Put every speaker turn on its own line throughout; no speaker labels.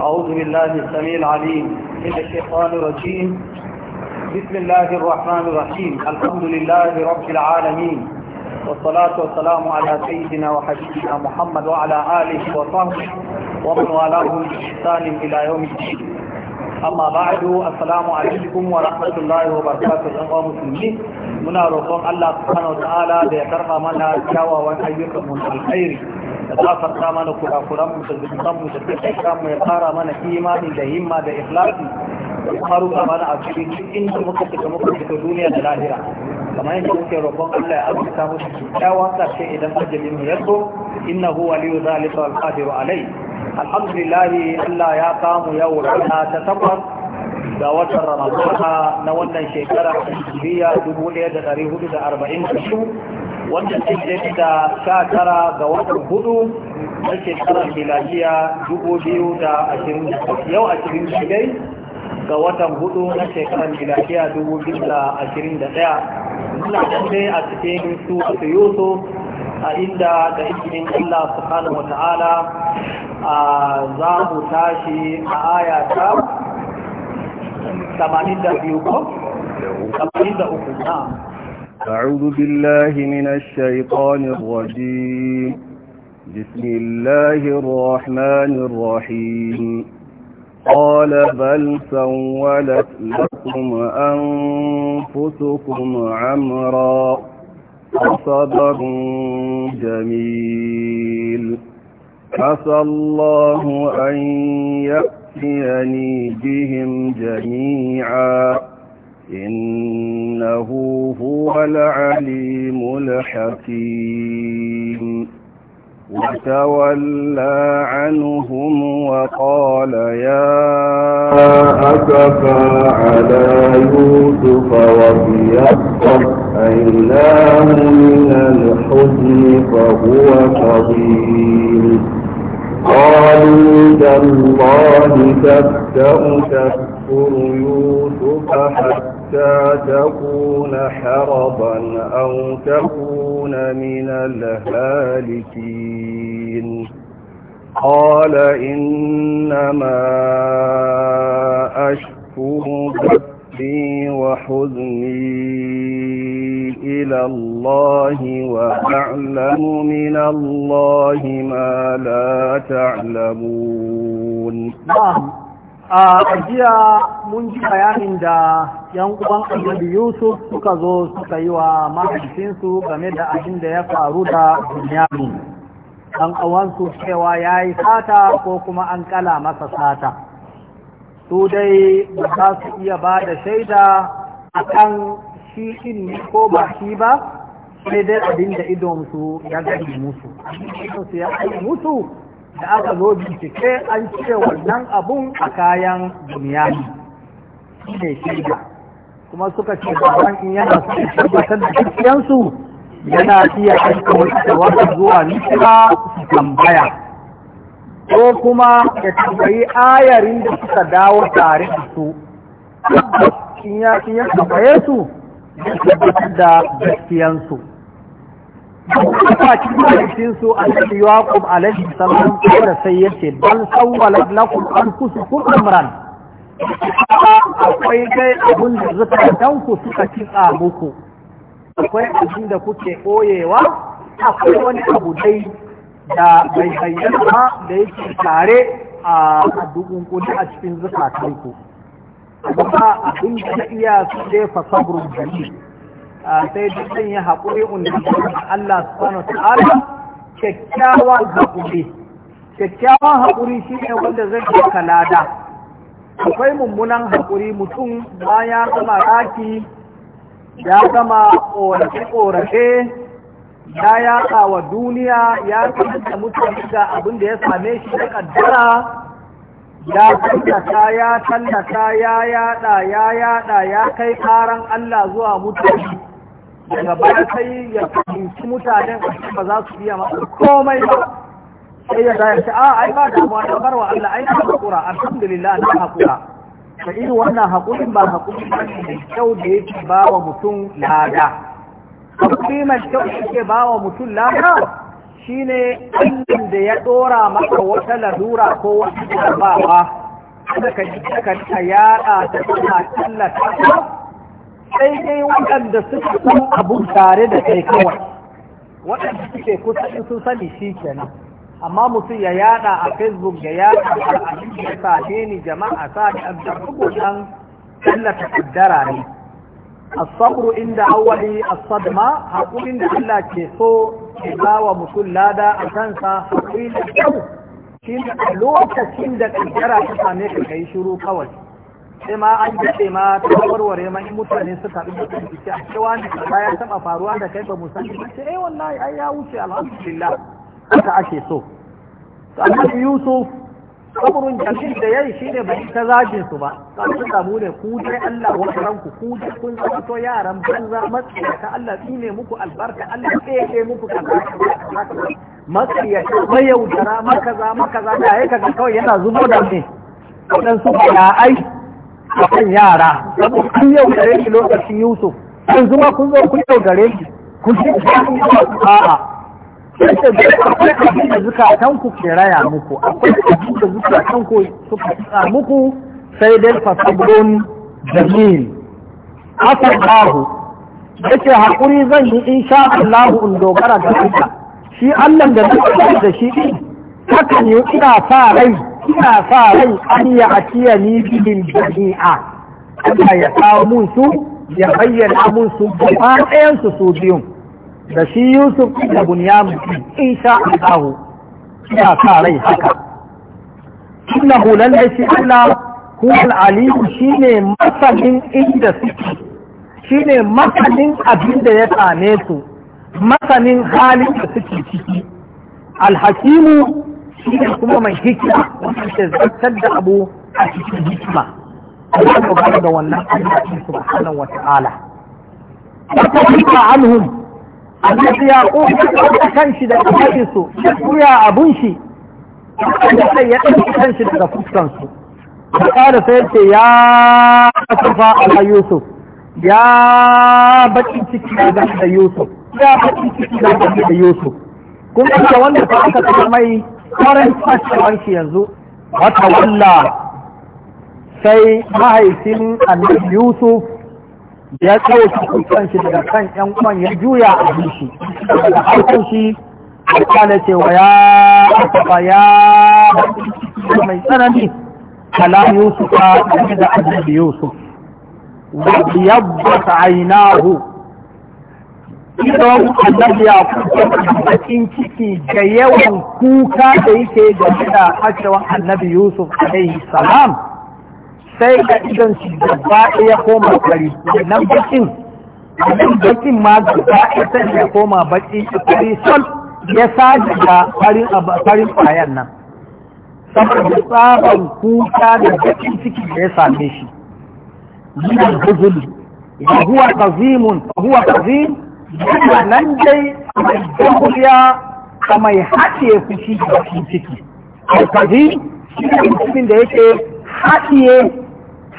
أعوذ بالله السميع العليم من الشيطان الرجيم بسم الله الرحمن الرحيم الحمد لله رب العالمين والصلاة والسلام على سيدنا وحبيبنا محمد وعلى آله وصحبه ومن والاه بإحسان إلى يوم الدين أما بعد السلام عليكم ورحمة الله وبركاته أيها المسلمين منا رسول الله سبحانه وتعالى ta'ala da ya karɓa mana ka gafarta mana kurakuran mu da zunuban mu da dukkan mu ya fara mana imani da himma da ikhlasi ya faru da mana a cikin duk inda muka fita muka fita duniya da lahira kamar yadda muke roƙon Allah ya azurta mu kyakkyawan ƙarshe idan ajalin mu ya zo innahu waliyu zalika wal qadiru alai alhamdulillah Allah ya kamu yau rana ta tabbas ga watan ramadana na wannan shekara dubu ɗaya da hudu da arba'in da wanda ke daidai da sha tara ga watan hudu na shekarar miladiya dubu biyu da ashirin yau ashirin shigai ga watan hudu na shekarar miladiya dubu biyu da ashirin da daya muna dai a cikin su su yusuf a inda da ikinin allah subhanahu wa ta'ala a za mu tashi a aya ta 82 ko 83 na'am
أعوذ بالله من الشيطان الرجيم بسم الله الرحمن الرحيم قال بل سولت لكم أنفسكم عمرا فصبر جميل عسى الله أن يأتيني بهم جميعا إنه هو العليم الحكيم وتولى عنهم وقال يا أسفا على يوسف وبيضت أيناه من الحزن فهو كظيم قالوا تالله تفتأ تذكر يوسف حتى حتى تكون حرضا أو تكون من الهالكين قال إنما أشكو بثي وحزني إلى الله وأعلم من الله ما لا تعلمون
نعم. a jiya mun ji bayanin da yan uban annabi yusuf suka zo suka yi wa mahaifinsu game da abin da ya faru da duniyaru. an awansu cewa ya yi sata ko kuma an kala masa sata su dai ba za su iya ba da shaida a kan shi in ko ba shi ba sai dai abin da idonsu ya gani musu da aka zo bincike an ce wannan abun a kayan duniya ne shiga. kuma suka ce wani in yana suke tabbatar da gaskiyansu yana iya aika wata wata zuwa nishira su tambaya ko kuma ya tambayi ayarin da suka dawo tare da su in ya tambaye su ya tabbatar da gaskiyansu akwatin cikin su annabi yaqub alaihi salam da sai yace bal sawwalat lakum anfusukum amran akwai kai abin da zakatan ku suka kitsa muku akwai abin da kuke koyewa akwai wani abu dai da bai bayyana ba da yake tare a dukkan kudi a cikin zakatan ku ba abin da iya su dai fa sabrun jalil sai dukkan ya haƙuri unnabin Allah subhanahu ta'ala kyakkyawan haƙuri kyakkyawan haƙuri shi ne wanda zai ke kalada. akwai mummunan haƙuri mutum Ba ya gama raki ya gama ƙorafe-ƙorafe ya yaƙa wa duniya ya da mutane ga abin da ya same shi da ƙaddara ya tallata ya tallata ya yaɗa ya yaɗa ya kai ƙaran Allah zuwa mutane daga baya sai ya fahimci mutanen ba za su iya masa komai ba sai ya zaya ce a ai ba damuwa na barwa Allah ai na haƙura, alhamdulillah na haƙura. da irin wannan hakurin ba hakurin ba ne mai kyau da yake ba wa mutum lada hakuri mai kyau da yake ba wa mutum lada shine ɗan da ya ɗora maka wata lalura ko wata jarabawa kada ka ji ka yaɗa ta tana tallata sai dai waɗanda suka san abun tare da kai kawai waɗanda suke kusa in sun sani shi kenan amma mutum ya yada a facebook ya yada a ya safe ni jama'a sa da abda rubutan tallata kaddara ne as-sabru inda awwali as-sadma hakurin da Allah ke so ke bawa mutum lada a kansa hakurin da kyau shi lokacin da kaddara ta same ka kai shiru kawai sai ma an daɗe ma ta warware ma in mutane suka da kan jiki a cewa ne ba ya taɓa faruwa da kai ba san jiki ce eh wallahi ai ya wuce alhamdulillah haka ake so to yusuf sabrun jamil da yayi shine bai ta zaje su ba sai samu ne ku dai Allah wa ranku ku dai kun zato to yaran banza matsiyata Allah tsine muku albarka Allah tsaye muku kaza matsiyata mayaudara makaza makaza da ya kaga kawai yana zubo da ne dan su ya ai a kan yara saboda kun yau gare shi lokacin Yusuf yanzu zuma kun zo kun yau gare shi kun ci a'a akwai abin da zukatanku ke raya muku akwai abin da ku suka tsaya muku sai dai fasabrun jamil asar bahu yake haƙuri zan yi insha Allah in dogara da Allah shi Allah da nake da shi hakan yi ina sa rai ina sa rai an ya atiya ni bilin jami'a Allah ya kawo mun su ya bayyana mun su gaba ɗayan su su biyu da shi Yusuf da Bunyamin sha Allah ina sa rai haka hulan da shi Allah huwa al-alim shine masanin inda suke shine masanin abin da ya same su masanin halin da suke ciki alhakimu shi kuma mai hikima wanda ke zartar da abu a cikin hikima Allah ya bada da wannan Allah subhanahu wa ta'ala wa ta'ala anhum Allah ya kofa kanshi da kafin su ya abun shi da sai ya ɗauki kanshi daga fuskan su qala sai ce ya asfa ala yusuf ya baƙin ciki da Yusuf ya baƙin ciki da Yusuf kun ga wanda fa aka mai kwarin fashewar shi yanzu wata walla sai mahaifin annabi yusuf ya ɗauki kusan shi daga kan yan uwan ya juya a shi daga harkar shi cewa ya asaba ya mai tsanani kala yusuf da annabi yusuf wa yabba ainahu Idan annabi ya kuka bakin ciki da yawan kuka da yake da game da hacewan annabi Yusuf alaihi salam sai ka idan shi gaba ya koma kari nan bakin nan bakin ma gaba ɗaya ya koma baki kari sol ya saji da farin kwayan nan saboda tsaban kuka da bakin ciki da ya same shi. Yana guzuli, huwa kazimun, huwa kazim, yana nan dai mai jamhuriya da mai haɗiye fushi da cikin ciki alkazi shi ne mutumin da yake haɗiye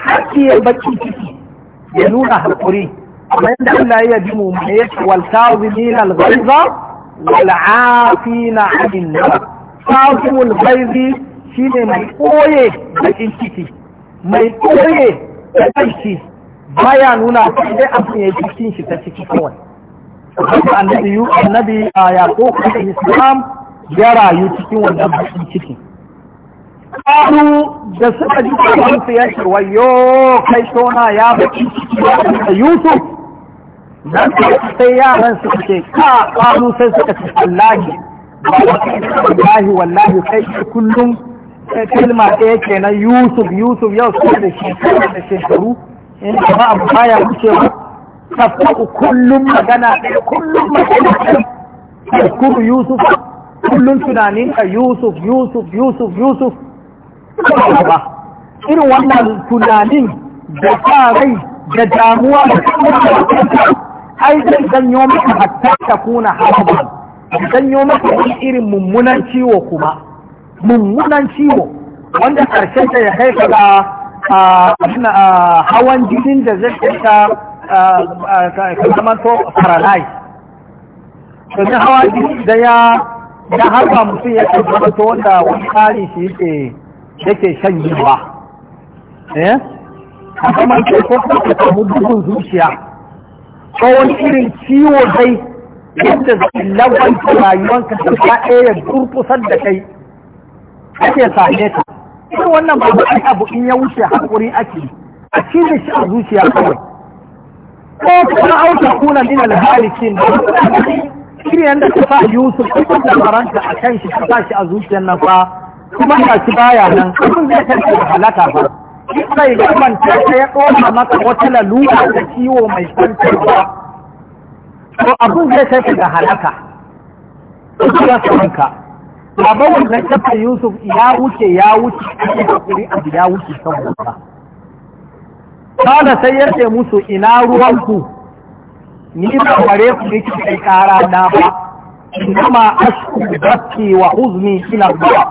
haɗiye baki ciki ya nuna haƙuri kamar yadda Allah ya ji mu mai yake wal kazimin al ghaiza wal afina anil nas kazimul ghaizi shine mai koye bakin ciki mai koye da kanki baya nuna sai dai abin ya cikin shi ta ciki kawai wanda annabi annabi uh, a islam ya rayu cikin wannan bakin ciki karu da suka ji kawai su ya shirwayo kai tona ya bakin ciki da yusuf
nan sai yaran su ce ka karu sai suka
ce wallahi wallahi wallahi kai kullum kalma ɗaya na yusuf yusuf yau su da shekaru da shekaru in ba abu baya wucewa تفتح كل مغنى كل مغنى تذكر يوسف كل تنانين يوسف يوسف يوسف يوسف irin wannan tunanin da sa da damuwa da ai zai janyo maka hatta ta kuna haraban janyo maka irin mummunan ciwo kuma mummunan ciwo wanda karshe ta ya kai ga hawan jinin da zai Eh, eh, ka zama paralyzed
hawa jini da ya ya harba mutum ya kan
wanda wani tsari shi yake yake shan yiwa eh a ko ka samu zuciya ko wani irin ciwo dai yadda lawanta rayuwanka da ta ɗaya durkusar da kai ake same ta irin wannan ba abu in ya wuce hakuri ake a cire shi a zuciya kawai ko kuma auta kuna min alhalikin shine yanda ta fa Yusuf kuma da faranta a kan shi ta shi a zuciyar nan fa kuma ina shi baya nan abin zai tafi halaka ba sai gaman ta ya ɗora maka wata lalura da ciwo mai kwantarwa to abin zai tafi da halaka
ya sanka
abawar da ta Yusuf ya wuce ya wuce a cikin hakuri abu ya wuce saboda
Kala sai ya
ce musu ina ruwanku, ni ba ware ku nake kai ƙara da ba, kuma ashku baski wa huzni ina ba.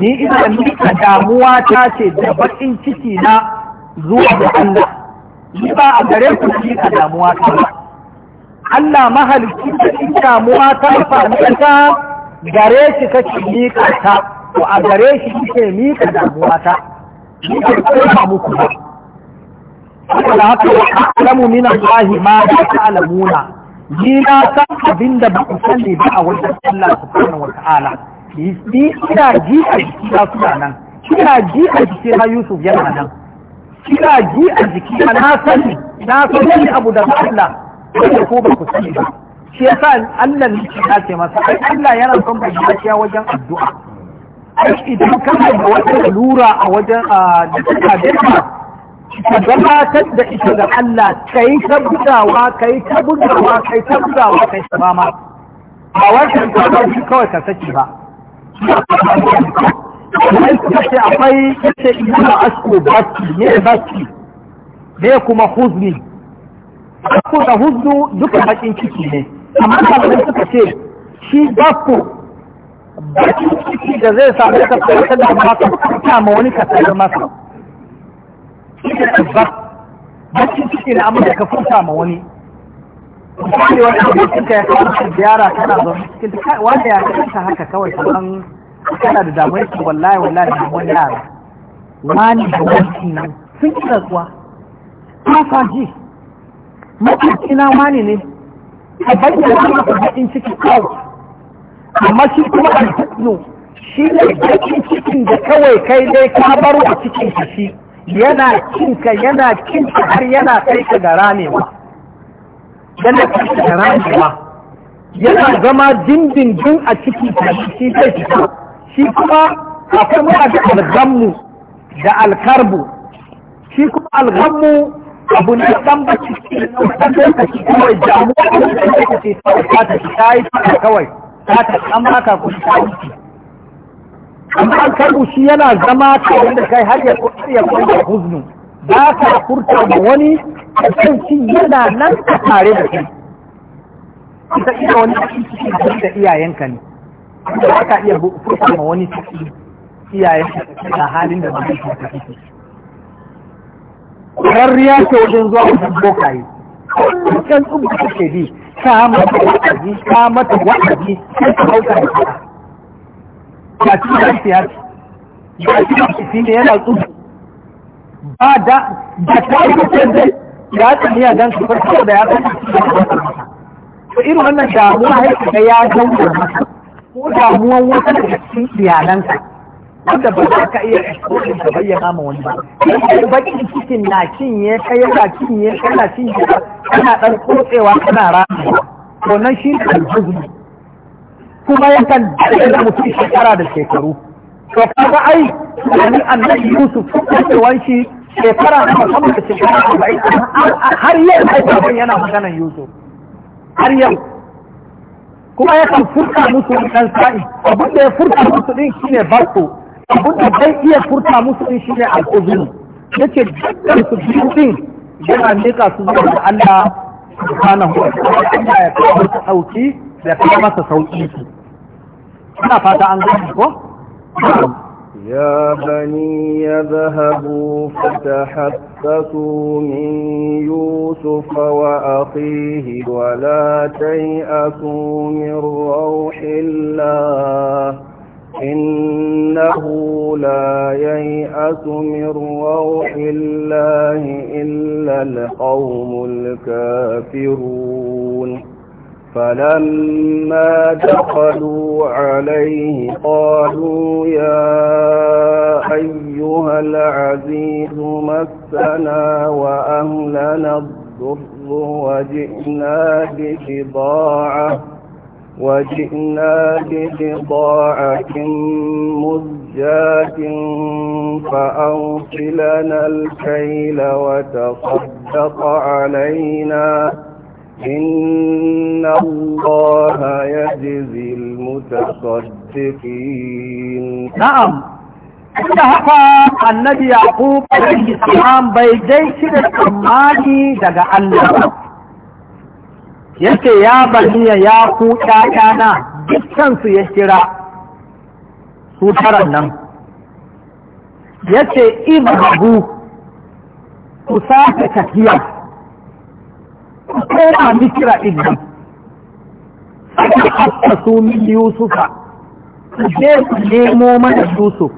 Ni ina nika damuwa ta ce da bakin ciki na zuwa ga Allah. Ni ba a gare ku nika damuwa ta ba. Allah mahalicci da in damuwa ta sami ta gare shi kake mika ta, to a gare shi kike mika damuwa ta. Ni ba muku ba. saboda haka wa alamu min Allah ma la ta'lamuna ni na san abin da ba ku sani ba a wajen Allah subhanahu wata'ala ni ina ji a jiki na suna nan Kina ji a jikina Yusuf yana nan Kina ji a jikina na sani na sani abu da Allah wanda ko ba ku sani ba shi yasa Allah ne ya ce masa ai Allah yana son bayyana wajen addu'a ai idan kana da wata lura a wajen da kake da ka gabatar da ita ga Allah ka yi ta bugawa ka yi ta bugawa ka yi ta bugawa ka yi ta mama ba wancan kwanar shi kawai ka saki ba wani suka ce akwai yace ina asko baki ne baki ne kuma huzni ko da huznu duka bakin ciki ne amma kamar suka ce shi baku bakin ciki da zai samu ka fara da maka ta ma wani ka sayar masa ita tabba bakin ciki na amma da ka furta ma wani
misali wani da ka ya kawo shi ziyara kana zo.
cikin wanda ya kanta haka kawai kaman kana da damar ki wallahi wallahi da wani yara wani da wani nan sun ki rasuwa Kuma sa ji makwabci na wani ne
a bayyana masa
baƙin ciki kawai amma shi kuma a shi ne bakin cikin da kawai kai dai ka baro a cikin shi yana cinka yana cinka har yana kai ka ga ranewa yana kai ka ga ranewa yana zama dindindin a ciki ta shi zai fita shi kuma akwai muna da algammu da alkarbu shi kuma algammu abu ne dan ba ciki dan lokaci kawai damuwa da lokaci ta ta ta yi kawai ta ta an ta kuɗi ta wuce
amma an karbu
shi yana zama tare da kai har ya ya kwanta huznu ba ka furta da wani a kan shi yana nan a tare da kai ita iya wani cikin da iyayenka ne ba ka iya furta ma wani cikin iyayenka da halin da ba ka ciki ya ce wajen zuwa wajen bokaye kan tsubu take bi ta mata wa'azi ta mata wa'azi ta hauka da ba shi da siyasa ba shi da shi ne yana tsubu ba da ba ta yi kusan da ya tsani a dan kafar ko da ya tsani to irin wannan damuwa ya shiga ya zauna masa ko damuwan wata da cikin iyalanka
wanda ba za ka iya exposure da
bayyana ma wani ba sai bakin cikin na cinye ka yana cinye ka yana cinye kana dan kotsewa kana rana to nan shi ne aljuzu kuma yakan daɗe da mutum shekara da shekaru to kaga ai yani annabi yusuf kasewan shi shekara na musamman da shekara arba'in har yau ai baban yana maganan yusuf har yau kuma yakan furta musu ɗan sa'i abin da ya furta musu ɗin shine basu abin da bai iya furta musu ɗin shine al'uzuri yace dukkan su biyu ɗin yana miƙa su zuwa ga Allah subhanahu wa ta'ala ya kawo sauki da kuma masa sauki ina fata an gani ko يا بني
يذهبوا فتحسسوا من يوسف وأخيه ولا تيأسوا من روح الله إنه لا ييأس من روح الله إلا القوم الكافرون فلما دخلوا عليه قالوا يا أيها العزيز مسنا وأهلنا الضر وجئنا ببضاعة وجئنا ببضاعة مزجاة فأوصلنا الكيل وتصدق علينا إن الله يجزي المتصدقين نعم
da haka annabi yaqub alaihi bai dai shi da tsammani daga Allah ba yace ya baniya ya ku ƴaƴana dukkan su ya kira su taran nan yace ibhabu ku sake tafiya koma misira ɗin nan aka haɗa su min yusufa je su nemo mana yusuf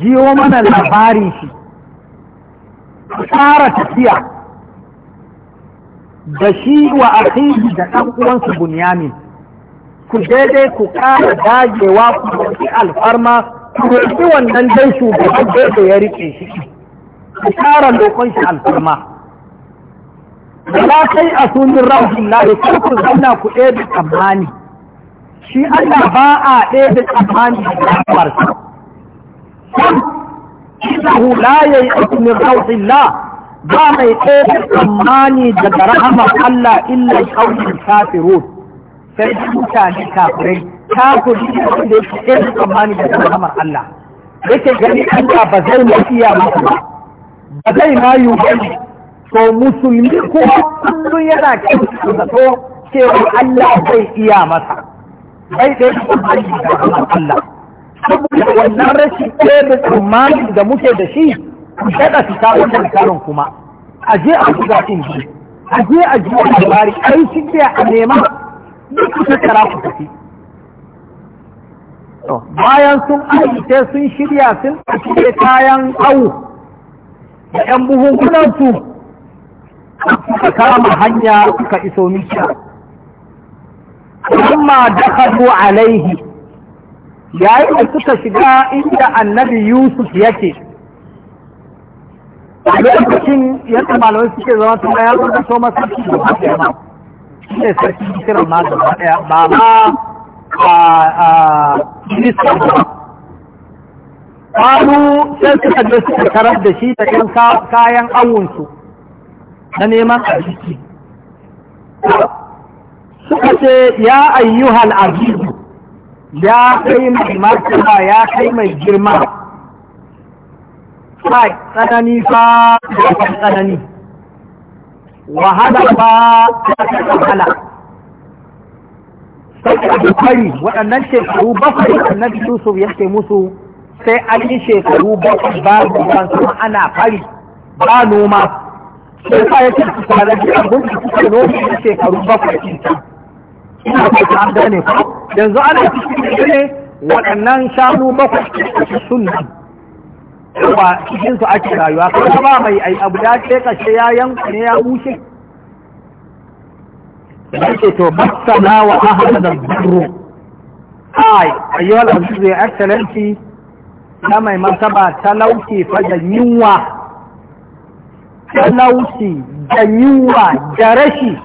jiyo mana labarin shi su tsara tafiya da shi wa akhihi da ɗan uwansu bunyamin ku daidai ku ƙara dagewa ku ɗauki alfarma ku roƙi wannan dai shugaban da ya riƙe shi ku ƙara lokon shi alfarma wala kai a sunin rahun lahi kar ku zanna ku ɗaya tsammani shi Allah ba a ɗaya da tsammani da rahmarsa innahu la yai'u ba mai ɗaya da tsammani daga rahamar Allah illa qawlul kafirun sai mutane kafirai kafiri da yake ɗaya da tsammani da rahamar Allah yake gani Allah ba zai mafiya ba ba zai mayu ba. to musulmi ko kullum yana kyautu da to cewa Allah zai iya masa bai da yake da Allah saboda wannan rashin ɗaya da tsammani da muke da shi daɗa fita wannan karon kuma a je a buga cin ji a je a ji wani labari a yi shi a nema duk kusa kara ku tafi bayan sun aikace sun shirya sun ɗauki kayan awu da ‘yan buhunkunan su Ka kama hanya ka iso misha amma dakhalu alaihi yayin da suka shiga inda annabi yusuf yake lokacin yadda malamai suke zama tun ya zama so masa shi da ba ɗaya ma ne sarki kiran ma da ba ɗaya ba ma a ministan ba kwanu sai suka je suka karar da shi da ɗan kayan awunsu na neman arziki suka ce ya ayyuhal azizu ya kai mai martaba ya kai mai girma Sai tsanani fa da tsanani wahala ba ta wahala sai da fari waɗannan shekaru bakwai annabi Yusuf ce musu sai an yi shekaru bakwai babu kan ana fari ba noma sai ka yake su kwanaki abin da suka nome da shekaru bakwai ta.
ina ba ta ne ko
yanzu ana cikin ne waɗannan shanu bakwai da sun nan ba cikin su ake rayuwa ko ba mai ai abu da ce kashe ya yanka ne ya bushe yake to masana wa ahadar burro ai ayyuhal azizu ya excellency na mai martaba talauci fa da yunwa talauci da yiwuwa da rashi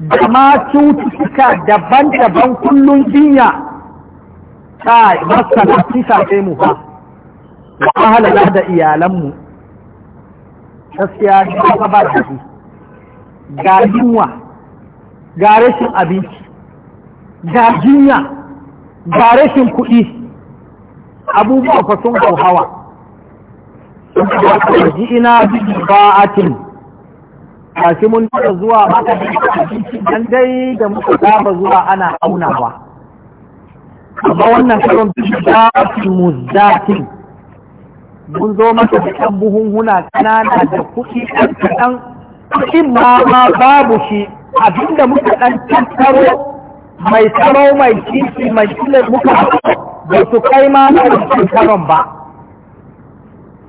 da ma cututtuka daban-daban kullum jinya ta masana kisa sai mu ba halala da iyalanmu gaskiya ba ba da shi ga yiwuwa ga rashin abinci ga jinya ga rashin kuɗi abubuwa fa sun hauhawa ji'ina bi ba'atin kashi mun tara zuwa maka an dai da muka saba zuwa ana aunawa
amma wannan karon bi'atin
muzdatin mun zo maka da buhun buhunhuna kanana da kuɗi ɗan kaɗan kuɗin ma ma babu shi abinda muka ɗan tattaro mai tsaro mai kifi mai kila muka da su kai ma na karon ba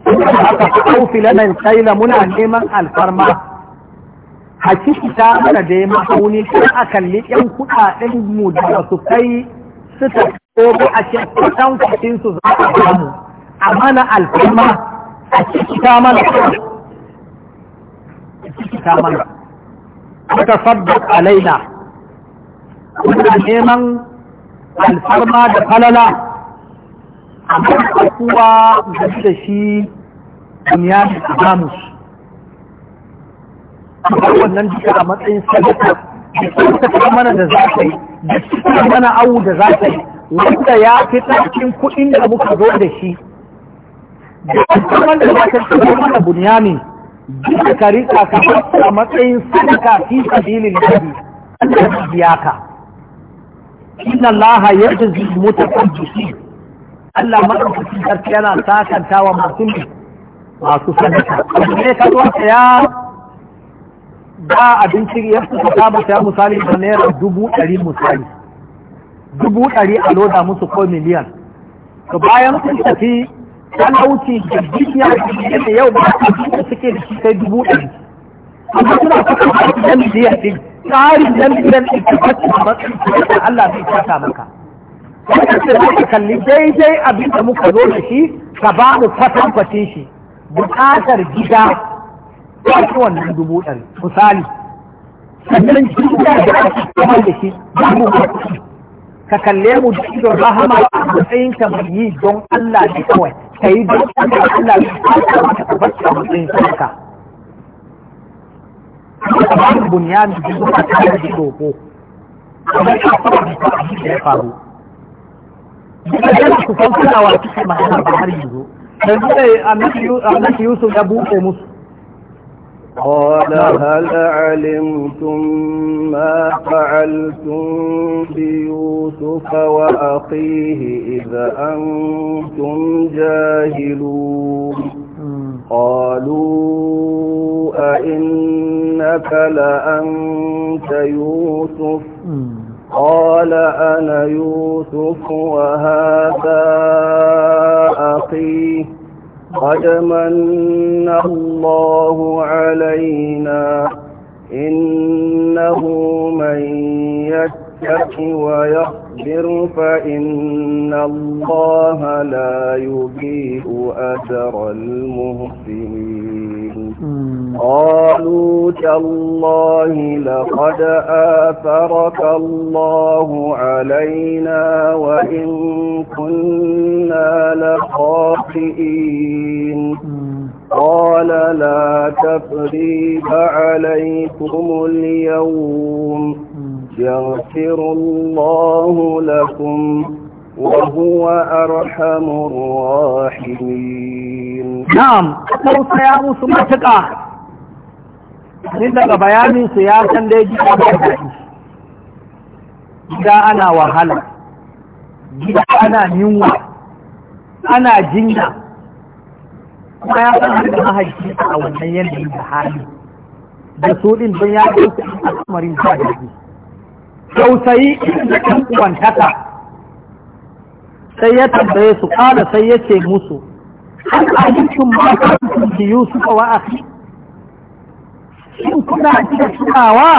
aka aufi lana kaila muna neman alfarma hakiki ta mana da ya mahauni kan a kalli yan kuɗaɗen mu da ba su kai suka kogo a ce kwatan kwacin su za a samu a mana alfarma hakiki ta mana hakiki ta mana aka sabbat alaina muna neman alfarma da falala a kuwa da shi bunyamin adamus wannan duka a matsayin sadaka da suka mana da za ta yi da suka mana awu da za ta yi wanda ya fi cikin kuɗin da muka zo da shi
da kuma da za ka shiga mana
bunyamin duka ka rika ka a matsayin sadaka fi sabilin lahi Allah biya ka inna Allah yajzi mutaqabbisin Allah madaukakin sarki yana sakantawa masu masu sadaka ne ka zo ya ba abinci ya suka saba ya misali da naira dubu ɗari misali dubu ɗari a loda musu ko miliyan to bayan sun tafi talauci da jikiya da yau da da suke da shi sai dubu ɗari
amma suna suka
ba da miliyan ɗin tsarin da miliyan ɗin ta fasu a matsayin da Allah bai kasa maka wanda ce za ka kalli daidai abin da muka zo da shi ka ba mu kwatankwacin shi buƙatar gida ta ci wannan dubu ɗari misali sannan gida da ake kamar da shi dubu mu ka kalle mu da idon rahama a matsayin ka mai yi don Allah ne kawai ka yi don Allah ne kawai ka tabbaci a matsayin ka ba mu da zuwa tare da doko kamar ka fara da abin da ya faru Duka yana kusan kulawa cikin ma'ana ba har yanzu yanzu ne annabi yusuf
قال هل علمتم ما فعلتم بيوسف وأخيه إذا أنتم جاهلون قالوا أئنك لأنت يوسف قال أنا يوسف وهذا أخي قد من الله علينا إنه من يتك ويخبر فإن الله لا يبيء أجر المهسنين قالوا تالله لقد آثرك الله علينا وإن كنا لخاطئين قال لا تفريب عليكم اليوم يغفر الله لكم وهو أرحم الراحمين
na'am sa ya musu matuƙa ni daga bayanin su ya san dai gida ba daɗi gida ana wahala gida ana yunwa ana jinya kuma ya san hannun mahaifi a wannan yanayin da hali da su ɗin don ya ce su a kamarin ba daɗi tausayi da ɗan uwantaka sai ya tambaye su ƙara sai ya ce musu هل علمتم ما فعلتم بيوسف واخيه shin kuna iya tunawa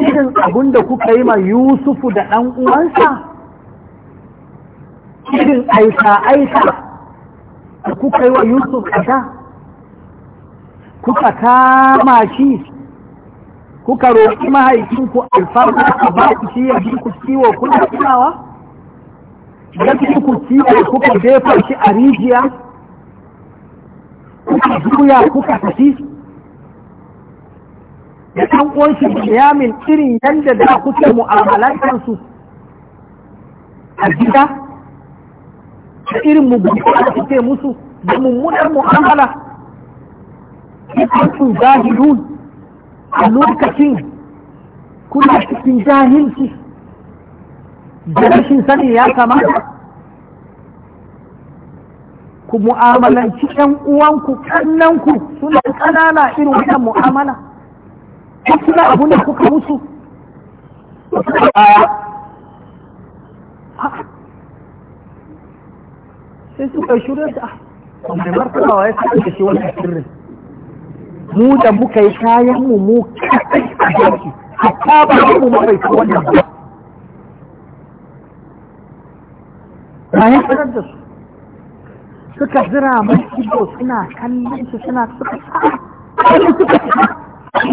irin abin da kuka yi ma Yusufu da ɗan uwansa irin aika-aika da kuka yi Yusuf a kuka kama shi kuka roƙi mahaifinku alfarma a ba shi ya bi ku kiwo kuna tunawa ya fi ku ciwo kuka jefa shi a rijiya kuka juya kuka tafi da ɗan ƙunshi biyamin irin yadda da kuke mu'amalantarsu a gida da irin mu da kuke musu da mummunar mu'amala kun jahilun a lokacin kuna cikin jahilci da rashin sani ya kama? ku mu'amalanci ƴan uwanku kannanku suna ƙanana irin wannan mu'amala Ku suna abu ne kuka musu sai suka shirya ta mai wa ya sa ake shi wannan sirrin mu da muka yi kayan mu mu kai a yanki hatta ba mu mafaita wannan ba bayan fitar da su suka zira mai suna kallon su suna suka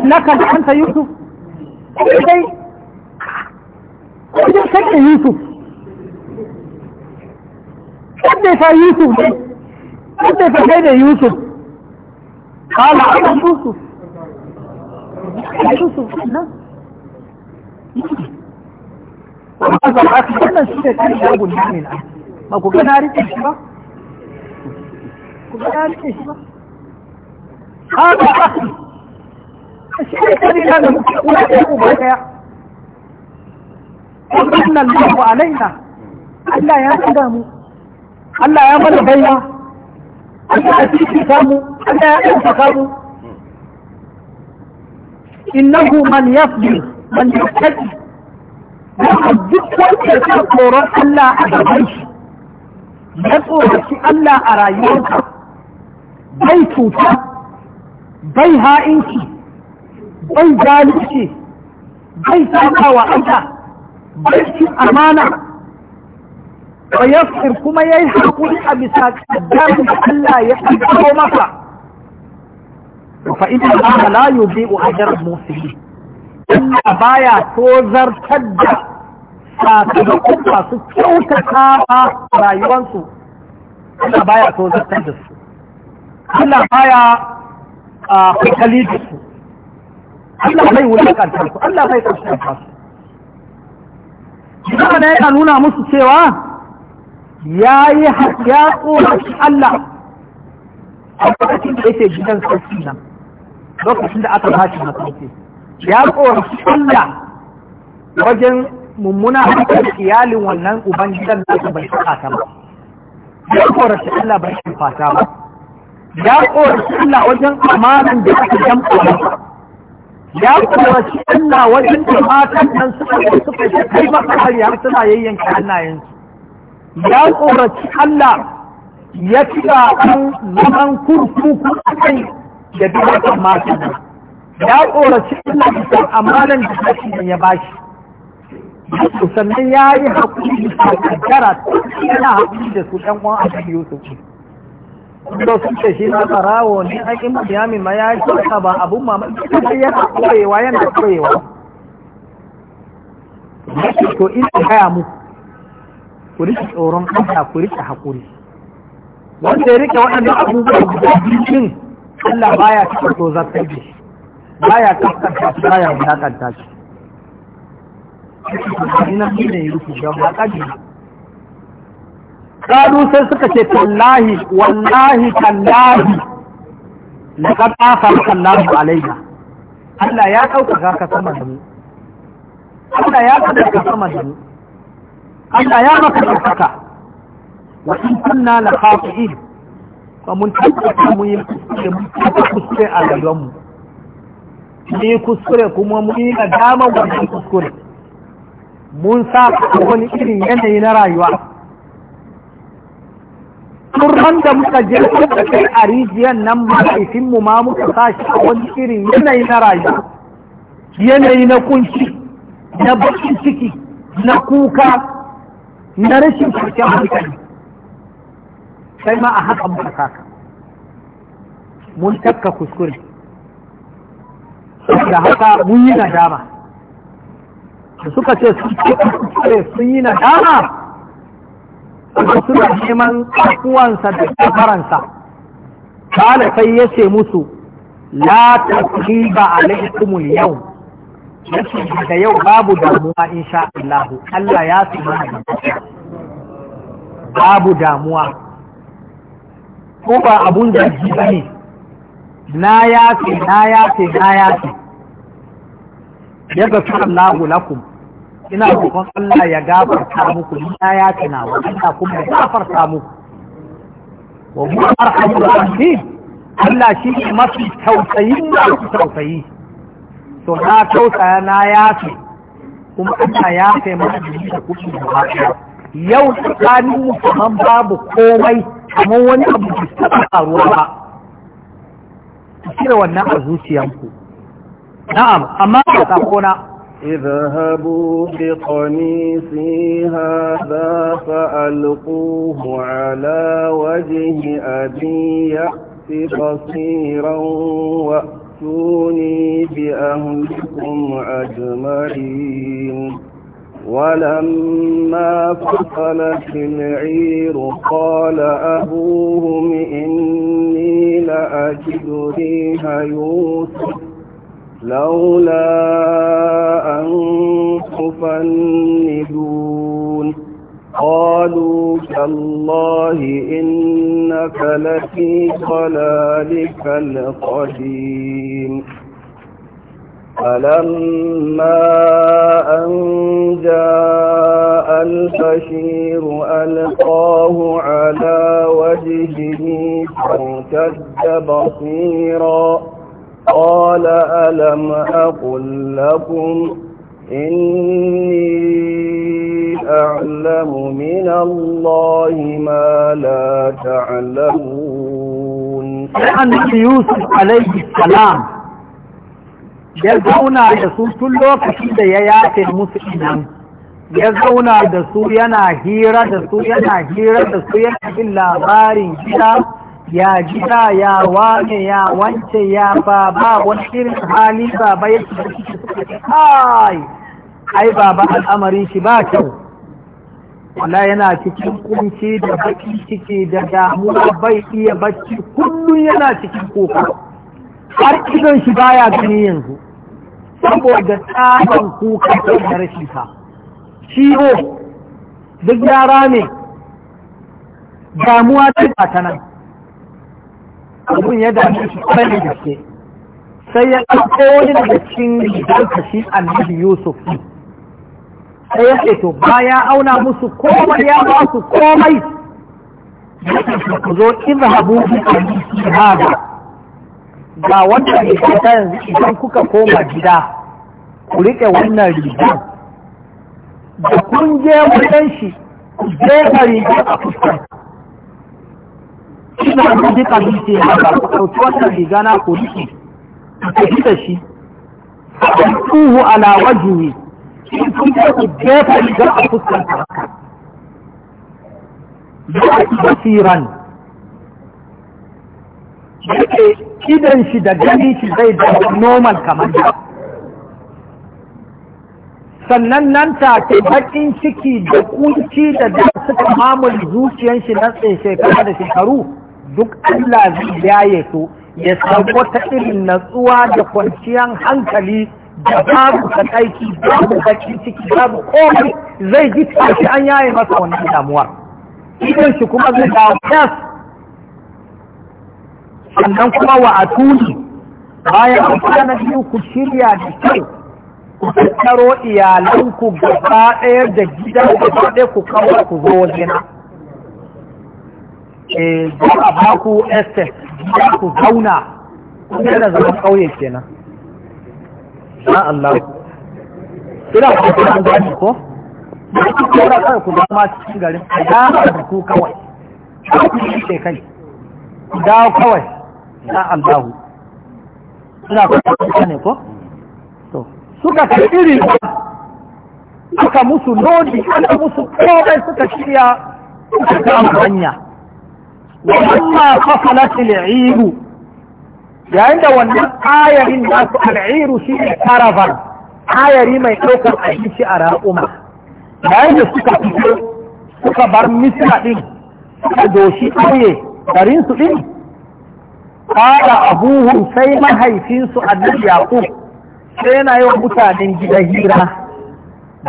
na yusuf sai kudin kanta yusuf kadda ta yusuf ne ta kai da yusuf kala yusuf yusuf nan wannan shi ne kan ba ku ga na rike shi ba ku ga na rike shi ba ha ba shi ne kari na da ya da ku ba daya wannan lahu alaina Allah ya tsada mu Allah ya mana baiwa Allah ya tsada mu Allah ya tsada mu innahu man yasbir man yattaqi duk wanda ya tsoron Allah a gaban shi ya tsoraci Allah a rayuwarsa bai cuta bai ha'inci bai zalunci bai saba wa Allah bai cin amana wa yasir kuma ya yi hakuri a bisa kaddarin da Allah ya kaddaro masa fa inna Allah la yudhi'u ajra al-muhsinin Allah baya tozartar da kuma su kyautata a rayuwansu Allah baya so zartar da su Allah baya a hankali da su Allah bai wulakantar su Allah bai ƙarfafa su Idan da ya nuna musu cewa ya yi ya shi Allah a lokacin da yake gidan sarki nan lokacin da aka bashi masauki ya shi Allah wajen mummuna cikin iyalin wannan ubangidan ta bai saka ta ba ya korace Allah bai shi fata ba ya korace Allah wajen amanin da aka jamfa ba ya korace Allah wajen da matan nan suka yi suka yi kai masa har ya suna yayyanka hannayensu ya korace Allah ya kira an zaman kurkuku a kai da duk wata matan ya korace Allah bisa amanan da ya bashi sannan ya yi haƙuri da kankara yana haƙuri da su ɗan uwan abin yusuf da su ce shi na tsarawo ne an yi miyami ma ya yi kyauta ba abun ma sai yana koyewa yana koyewa yake to ina gaya mu ku rike tsoron Allah ku rike haƙuri wanda ya rike waɗannan abubuwan guda biyun Allah baya taɓa tozartar da shi baya kaskanta shi baya wulakanta shi ina sai suka ce tallahi wallahi tallahi laqad afaka Allahu alaina Allah ya ɗaukaka ka sama da mu Allah ya ɗaukaka sama da mu Allah ya maka ɗaukaka wa in kunna la khafi'in fa mun tabbata mu yi kuskure mun tabbata kuskure a rayuwarmu ne kuskure kuma mu yi nadama wannan kuskure mun sa wani irin yanayi na rayuwa turban da muka je da kai a rijiyar nan mahaifinmu ma muka sa shi a wani irin yanayi na rayuwa yanayi na kunci na bakin ciki na kuka na rashin kwanciyar hankali sai ma a haka muka saka mun takka kuskure da haka mun yi nadama suka ce sun yi na dama da suna neman kafuwansa da kafaransa kala sai ya ce musu la a laifin yau da yau babu damuwa sha Allah Allah ya fi mana babu damuwa ko ba abun da ji ne na yafe na yafe na yafe yaga fi Allah lakum ina roƙon Allah ya gafarta muku ni ya na wa Allah kuma ya gafarta muku wa mu arhamu rahimi Allah shi ne mafi tausayin da su tausayi to na tausaya na yafe kuma ina ya kai mana da kuɗi da haka yau tsakanin mu kaman babu komai amma wani abu da taɓa faruwa ba ku cire wannan a zuciyarku. na'am amma ba sakona
اذهبوا بقميصي هذا فألقوه على وجه أبي يأت بصيرا وأتوني بأهلكم أجمعين ولما فصلت العير قال أبوهم إني لأجد ريح يوسف لولا أن تفندون قالوا تالله إنك لفي ضلالك القديم فلما أن جاء البشير ألقاه على وجهه فارتد بصيراً قال ألم أقل لكم إني أعلم من الله ما لا تعلمون
أن يوسف عليه السلام ya zauna da su tun lokacin da ya yafe musu inan ya zauna da su yana hira da su yana hira da su yana jin labarin gida ya jira ya wane ya wance ya ba ba wani irin hali ba ba ya ai ai ba ba al'amari shi ba kyau wala yana cikin kunci da baki ciki da damuwa bai iya bacci kullum yana cikin kuka har idan shi baya gani yanzu saboda tsarin kuka da rashin sa ciwo duk yara ne damuwa ta nan abin ya dami shi da gaske sai ya ɗauko wani daga cikin rigarsa shi annabi yusuf sai ya ce to ya auna musu komai ya ba su komai ku zo izhabu bi annabi hada ga wanda riga ta yanzu idan kuka koma gida ku riƙe wannan rigar da kun je wajen shi ku je ka rigar a fuskar ina da duka bice a ku ɗauki wannan riga na ku riƙe ku tafi da tuhu ala wajuhi in kun ce ku jefa rigar a fuskar haka yaki basiran yake idan shi da gani shi zai da normal kamar da sannan nan ta ke bakin ciki da kunci da da suka mamul zuciyan shi na shekara da shekaru duk Allah zai yaye su ya sauko ta irin natsuwa da kwanciyar hankali da babu sakaiki babu bakin ciki babu komai zai ji tashi an yaye masa wannan damuwar
idan shi kuma zai dawo
sannan kuma wa a atuni bayan an na biyu ku shirya da kyau ku tattaro iyalanku gaba ɗaya da gidan gaba ɗaya ku kawo ku zo wajena. Eh, za a ba ku zauna kuma da zaman ƙauye kenan na Allah ina ku kuma gani ko ba ku kora kai ku zama cikin garin a da ku kawai ku ce kai Da kawai na Allah ina ku kuma ne ko to suka kai iri aka musu lodi suka musu komai suka shirya suka kama hanya ولما فصلت العير yayin da wannan ayarin nasu al'iru shi ne caravan ayari mai ɗaukar abinci a ra'uma yayin da suka fito suka bar misra ɗin suka doshi ƙauye garin su ɗin Kada abuhu sai mahaifinsu annabi yaƙub sai yana yi wa mutanen gida hira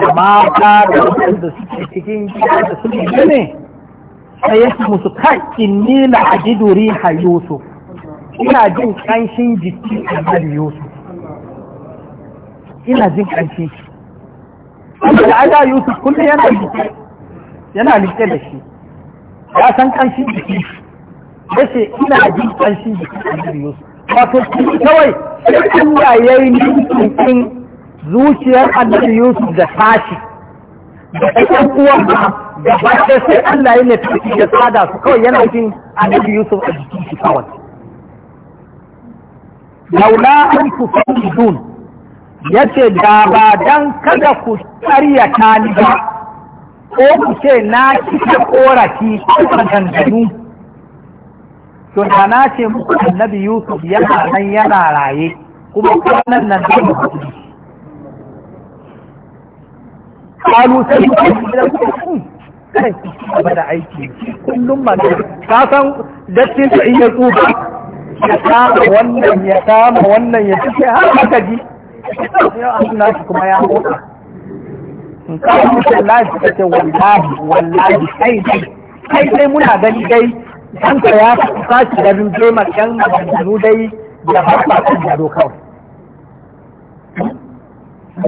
da mata da waɗanda suke cikin gida da suke gane sai ya musu kai inni la ajidu riha yusuf ina jin kanshin jiki a annabi yusuf ina jin kanshin shi da aga yusuf kullum yana jiki yana liƙe da shi ya san kanshin jiki ya ce ina jin kanshin jiki a annabi yusuf wato kuma kawai sai Allah yayi nufin zuciyar annabi yusuf da tashi da ɗan uwan ba da ba sai Allah ya nufi ya tsada su kawai yana jin annabi Yusuf a jikin shi kawai laula an ku Ya ce da ba dan kada ku tsariya ta ni ba ko ku ce na kika korafi ko danganu to da na ce muku annabi Yusuf yana nan yana raye kuma kwanan nan da ku kalu sai su gidan kuɗi kan da aiki kullum ma ka san dattin sa iya tsuba ya kama wannan ya kama wannan ya tafi har haka ji shi kuma ya ka mutu lafi kai dai muna gani dai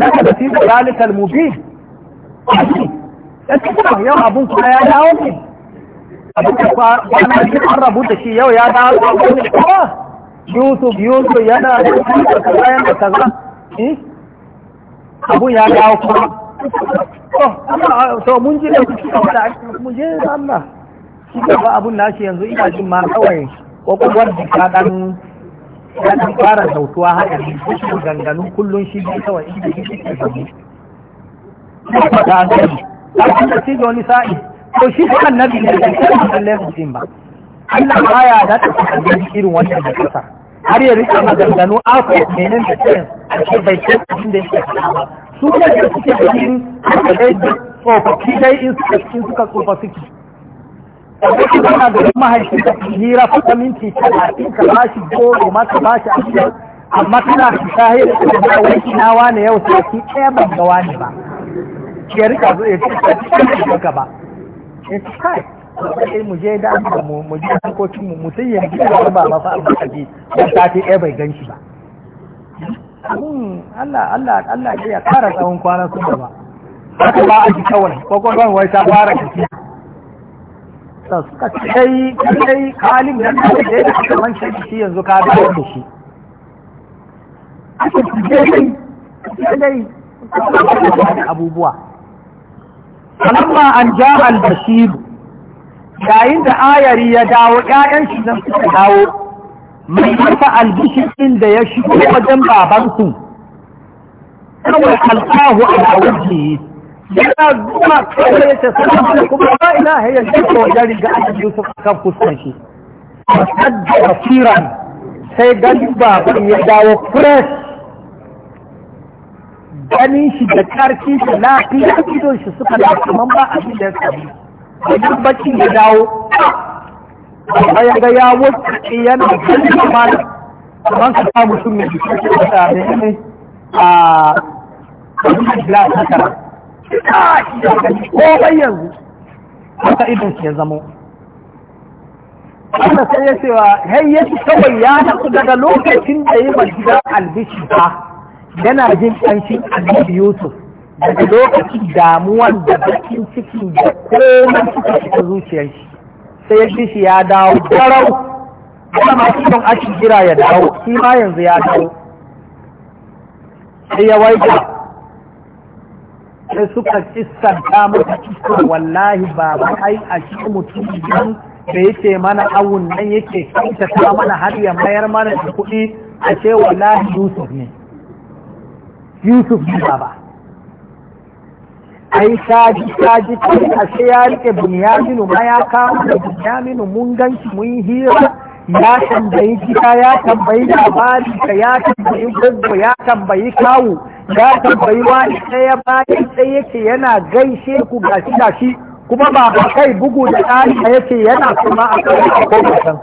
da dai da kan ya tuka yau abun kuma ya dawo ne abin da kwana shi an da shi yau ya dawo ne kuma yusuf yusuf yana da shi da kaza yana kaza
abun ya dawo kuma
to mun ji da da mun je Allah shi gaba abun nashi yanzu ina jin ma kawai kwakwalwar jika dan ya dan fara sautuwa haka ne ganganun kullum shi kawai inda shi ke
ba ba ta an sani
a da shi wani sa'i to shi ta annabi ne da shi ta kalle mutum ba Allah ba ya da ta kalle irin wannan da kasa har ya rika maganganu afa ah, menen da kiran a ce bai ce abin da yake faɗa ba su ne da suke da irin da dai tsofaffi dai in suka cikin suka tsofa suke
Wata shi zana da
mahaifin da hira fata minti talatin ka ba shi goro ma ka ba shi abin amma tana shi shahiyar da wani nawa ne yau sai ki ɗaya ban gawa wani ba. ya rika zo ya ce ka ka ba ya ce sai mu je da mu mu je hankocin mu mutum ya ji da ba ba fa amma ka ji da safe ɗaya bai gan shi ba abun Allah Allah Allah ya kara tsawon kwana sun gaba haka ba a ji kawai kwakwalwar wai ta fara tafiya sa suka kai kai halin nan da ya da aka manta shi yanzu ka dawo da shi aka ji dai dai abubuwa فلما أن جاء البشير شاين دا آياري يداو يائن شزن كتداو من أتى البشير إن دا يشكو قدم بابنسو كما حلقاه على وجهه يلا زوما كما يتسلم لكم ما إله يشكو وجالي قاعد يوسف كم كسنشي فقد بصيرا سيقلب بابن يداو فريش ganin shi da karfin shi lafiya idon shi suka da kaman ba abin da ya sami wajen baki ya dawo bayan ah, ga ya wuce yana kuma da kuma ka samu mutum mai jikin shi ah, da sami a wajen glass ta kara komai yanzu wata idon shi ya zamo wanda sai ya cewa hey yasu kawai ya nasu daga lokacin da yi ma albishi ba yana jin ƙanshin annabi yusuf daga lokacin damuwan da bakin cikin da komai suka shiga zuciyar shi sai ya shi ya dawo garau yana ma cikin jira ya dawo shi ma yanzu ya dawo sai ya waiga sai suka kistanta mata cikin wallahi ba ai a shi mutum idan da yake mana awun nan yake ta mana har ya mayar mana da kuɗi a ce wallahi yusuf ne yusuf ji baba ai kaji kaji kai sai ya rike bunyaminu ma ya kama da bunyaminu mun ganci mun hira ya tambayi gida ya tambayi labari ka ya tambayi gogo ya tambayi kawu ya tambayi wani ɗaya bayan ɗaya yake yana gaishe ku gashi gashi kuma ba kai bugu da ɗari da yake yana kuma a kan a kowasan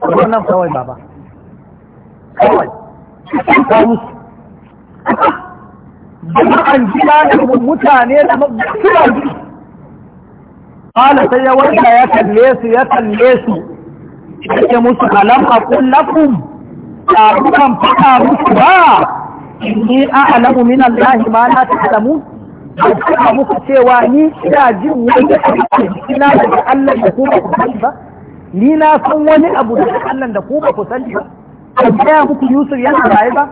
wannan kawai baba kawai ta musu jama'an gida da mutane da suna ji kala sai ya wanda ya kalle su ya kalle su yake musu alam aqul lakum Ya kukan faɗa musu ba Ni inni a'lamu min Allah ma la Da kuka muku cewa ni ina jin wani abu ina da Allah da ku ba ku sani ba ni na san wani abu da Allah da ku ba ku sani ba an gaya muku Yusuf yana raye ba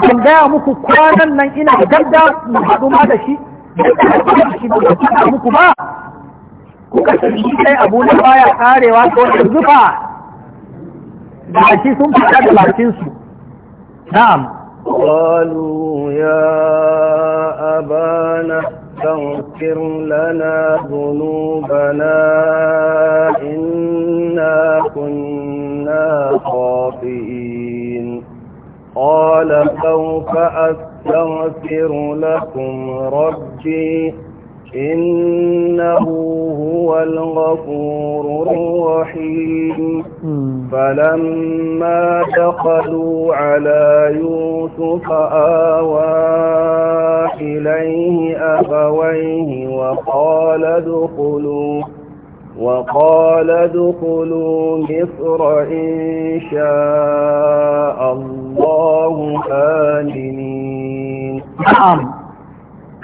ban gaya muku kwanan nan ina gadda mu haɗu ma da shi shi ba muku ba kuka shi sai abu na baya karewa ko da zufa da shi sun fada da bakin su na'am
قالوا يا أبانا استغفر لنا ذنوبنا إنا كنا خاطئين قال سوف أستغفر لكم ربي إنه هو الغفور الرحيم فلما دخلوا على يوسف آوى إليه أبويه وقال ادخلوا وقال ادخلوا مصر إن شاء الله آمنين
نعم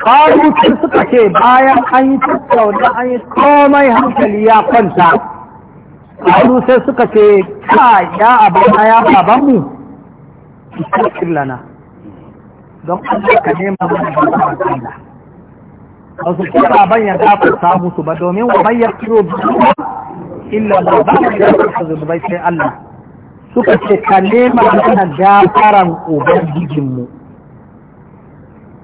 قالوا suka ce bayan an yi tattauna an yi komai hankali ya kwanta ƙaru sai suka ce ka ya abana ya babanmu istakin lana don an ka nema mana da Allah ba su kira ban ku samu musu ba domin wa man yaghfiru illa Allah ba su gafarta bai sai Allah suka ce nema mana gafaran jikinmu.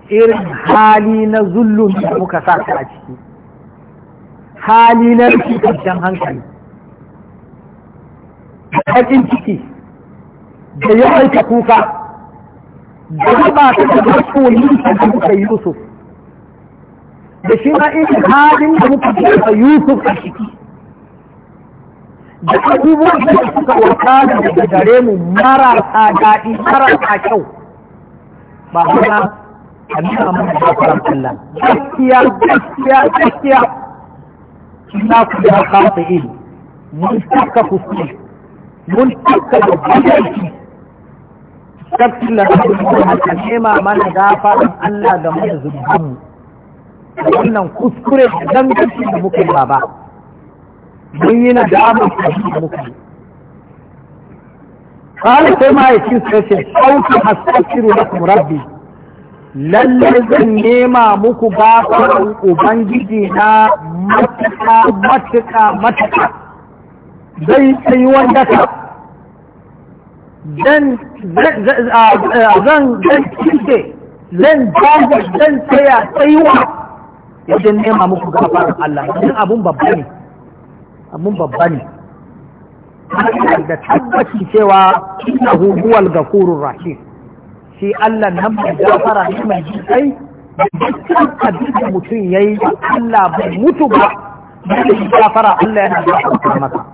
irin hali na zullun da muka sa ka a ciki hali na rikin kwanciyar hankali haƙin ciki da yawaita kuka da ba ta da wani da yi Yusuf da shi ma in halin da muka ce a Yusuf a ciki da abubuwan da suka da daga gare mu marasa daɗi marasa kyau ba hana a nuna mana da faran Allah gaskiya gaskiya gaskiya na ku ya kafa ilu mun taka kuskure mun taka da bayanci Tattila da kuma da nema mana gafarin Allah da mai zubbinmu. wannan kuskure da gashi da muka yi ba mun yi na da amurka da muka yi قال كما يكون سيشن سوف أستغفر lallai zan nema muku gafar Ubangiji na matuka matuka matuka zai sai wanda ka zan zan zan zan tsaya tsayuwa wajen nema muku gafarar Allah idan abun babba ne abun babba ne da tabbaci cewa innahu huwal gafurur rahim shi Allah nan mai gafara ne mai jikai dukkan abin da mutum yayi Allah bai mutu ba bai gafara Allah yana gafarta masa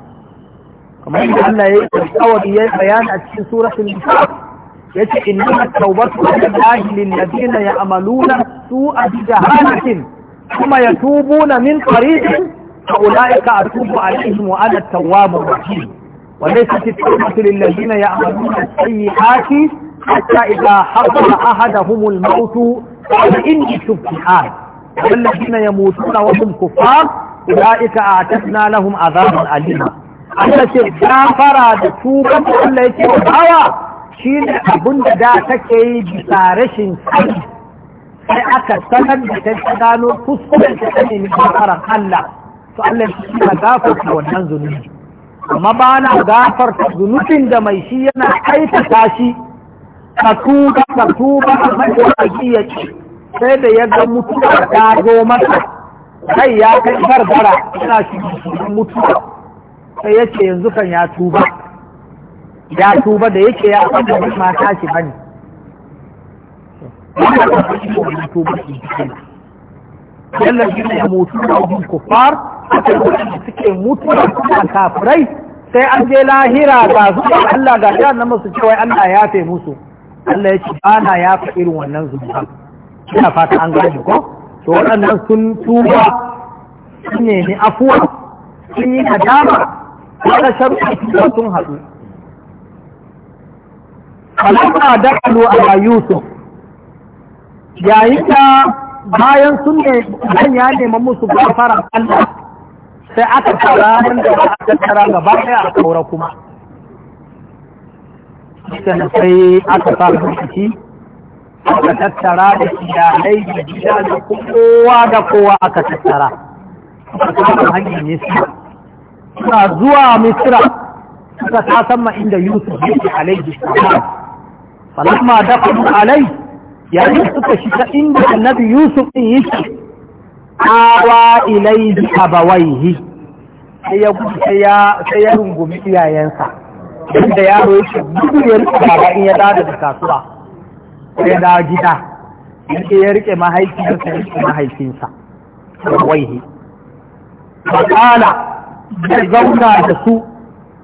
kamar yadda Allah ya yi kawai ya yi bayani a cikin suratul nisa yace innama tawbatu lillahi lil ladina ya'maluna su'a bi jahalatin ثم يتوبون من قريب فأولئك أتوب عليهم وأنا التواب الرحيم وليست التوبة للذين يعملون السيئات حتى إذا حصل أحدهم الموت قال إني تبت الآن والذين يموتون وهم كفار أولئك أعتدنا لهم عذابا أليما أن ce gafara da tuban Allah yake bawa shine abin da sai aka sanar da ta ta gano kuskuren ta ta nemi gafarar Allah to Allah shi ka gafarta wannan zunubi amma ba na gafarta zunubin da mai shi yana aikata shi ka tuba ka tuba a mafi ya ce sai da ya ga mutuwa ta zo masa kai ya kai barbara yana shi mutuwa sai ya ce yanzu kan ya tuba ya tuba da yake ya san da mata shi bane wanda ba su ba su jikin yalla shi ne mutu da wajen kufar aka yi suke mutu da kafirai sai an je lahira ga su Allah ga jihar na musu cewa Allah ya fe musu Allah ya ce ba na ya fi irin wannan zunuban ina fata an gane ko to waɗannan sun tuba sun nemi afuwa sun yi nadama wata sharuɗa sun haɗu. Falamma dakalu ala Yusuf yayin da bayan sun ne dan ya nema musu gafara Allah sai aka fara nan da aka tara gaba ɗaya a kaura kuma sai aka fara rikici aka tattara da iyalai da gida da kowa da kowa aka tattara aka kama hanyar nisa suna zuwa misira suka sama inda yusuf yake alaihi salam
falamma dakulu alaihi
yayin suka shiga inda annabi yusuf din yake awa ilaihi abawaihi sai ya gudu sai ya rungumi iyayensa da yaro yake gudu ya rike baba in ya dada da kasuwa ya da gida ya rike mahaifinsa ya rike mahaifinsa abawaihi fakala ya zauna da su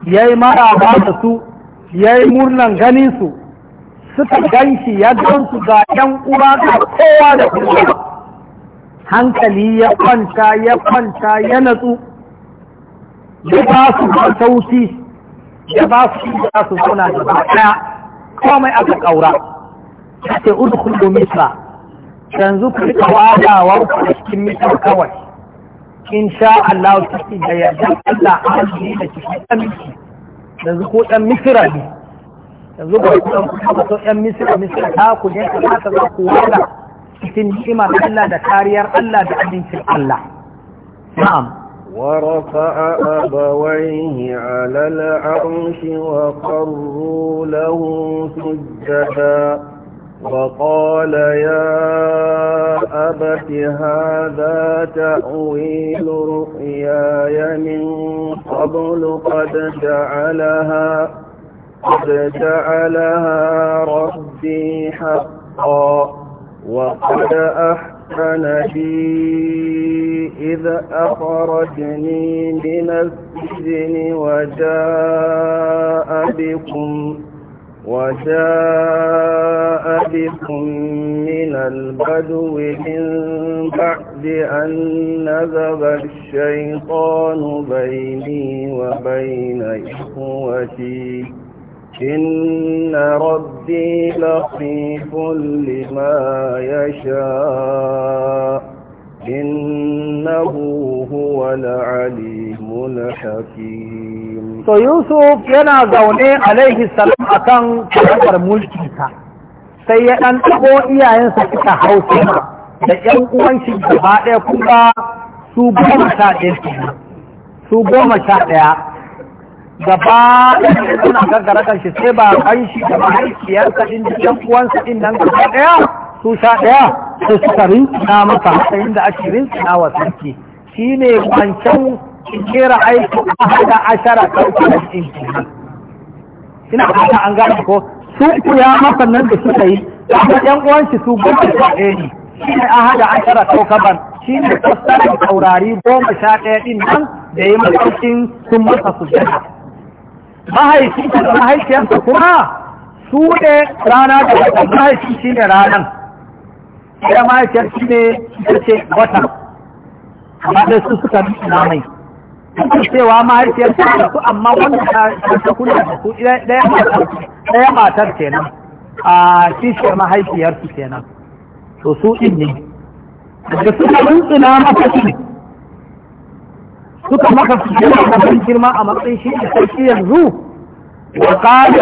ya yi maraba da su ya yi murnan ganin su suka ganshi ya gansu ga 'yan uwa ga kowa da kowa hankali ya kwanta ya kwanta ya natsu ya ba su sauki ya ba su za su suna da ɗaya komai aka ƙaura ta ce udkhulu misra yanzu ku rika wadawa da cikin misra kawai in sha Allah ta ce da yarda Allah a da cikin ɗan yanzu ko ɗan misra ne yanzu ba ku ɗan kuma so ƴan misira misira ta ku ne ta haka za ku wada cikin ni'imar Allah da kariyar Allah da abincin Allah na'am
ورفع أبويه على العرش وقروا له سجدا وقال يا أبت هذا تأويل رؤياي من قبل قد جعلها قد جعلها ربي حقا وقد أحسن بي إذ أخرجني من السجن وجاء بكم وجاء بكم من البدو من بعد أن نذب الشيطان بيني وبين إخوتي إن ربي لطيف لما يشاء إنه هو العليم الحكيم to
Yusuf yana zaune alaihi salam akan kafar mulki ta sai ya ɗan tabo iyayensa suka hausa da ƴan uwan shi gaba kuma su goma sha ɗaya gaba suna gaggara kanshi shi sai ba an shi da mahaifiyarsa din da ɗan uwansa din nan gaba ɗaya su sha ɗaya su suka rintsina masa matsayin da ake na wasu sarki shi ne wancan kera aiki a hada ashara ɗauki da cikin kenan ina fata an gane ko su ya masa nan da suka yi da ɗan uwan shi su gudu da ɗaya ne
shi ne a hada ashara ɗaukaban
shi ne sassanin taurari goma sha ɗaya ɗin nan da ya yi mafarkin sun masa su sujada mahaifiyarsa kuma su ne rana da wata mahaifi shi ne ranar ya mahaifiyar shi ne ita ce wata amma da su suka nufi na mai cewa mahaifiyar ta da su amma wanda ta kula da su ɗaya matar kenan a shi mahaifiyar su kenan to su in ne da suka rintsina mata shi suka maka yana da ban girma a matsayin shi da sarki yanzu wa qala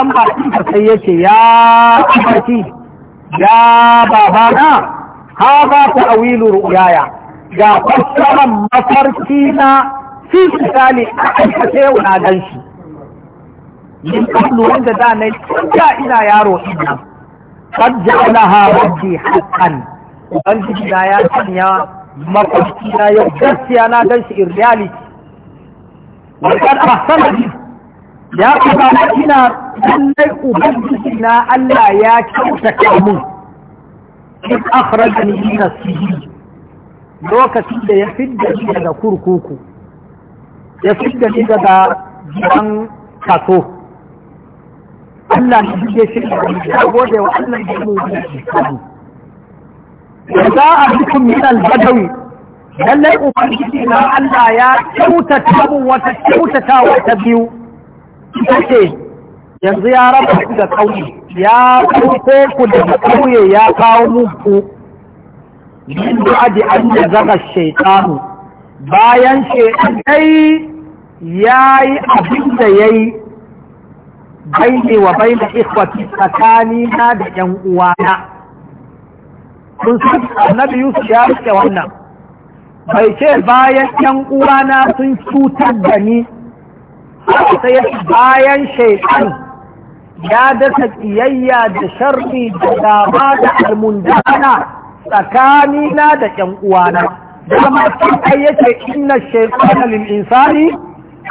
an ba shi sai yace ya abati ya babana hada ta'wilu ru'yaya ga fassaran mafarki na fi misali a aikace wa dan shi min qablu wanda da na ya ina yaro ina qad ja'alaha rabbi haqqan ubangiji da ya sanya mafarki na yau gaskiya na gan shi in reality wajen ya kuma na ina lallai ubangiji na Allah ya kyautata mun
in akhrajani
ina nafsihi lokacin da ya fidda ni daga kurkuku ya fidda ni daga gidan kaso Allah ne ya shirya ya gode wa Allah ya mu za a cikin minal badawi lallai ubangiji na Allah ya kyautata mu wata kyautata wata biyu ita ce yanzu ya raba ku da kauye ya kauko ku da kauye ya kawo muku min ba'di an yazaga shaytanu bayan shaytan dai yayi abin da yayi ne wa baina ikhwati tsakani na da yan uwana kun san annabi Yusuf ya rike wannan bai ce bayan yan uwana sun cutar da ni sai bayan shaitan ya dasa kiyayya da sharri da dama da almundana tsakanina da ƴan uwana dama sai yake inna shaytana lil insani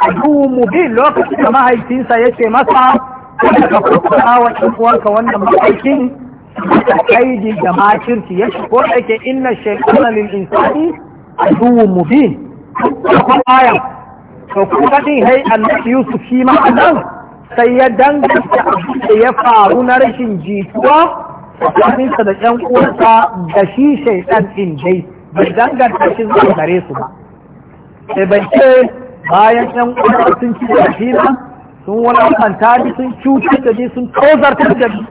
adu mubin lokacin da mahaifinsa yake masa kada ka kuka wa ƴan uwanka wannan mahaifin da kaidi da makirci ya ko da yake inna shaytana lil insani aduwwun mubin akwai ayan to kuma din hai annabi yusuf shi ma anan sai ya danganta da ya faru na rashin jituwa tsakaninsa da ƴan uwansa da shi shaytan din dai bai danganta shi zuwa gare su ba sai bai ce bayan ƴan uwansa sun ci da shi sun wani kanta sun cutar da sun tozartar da shi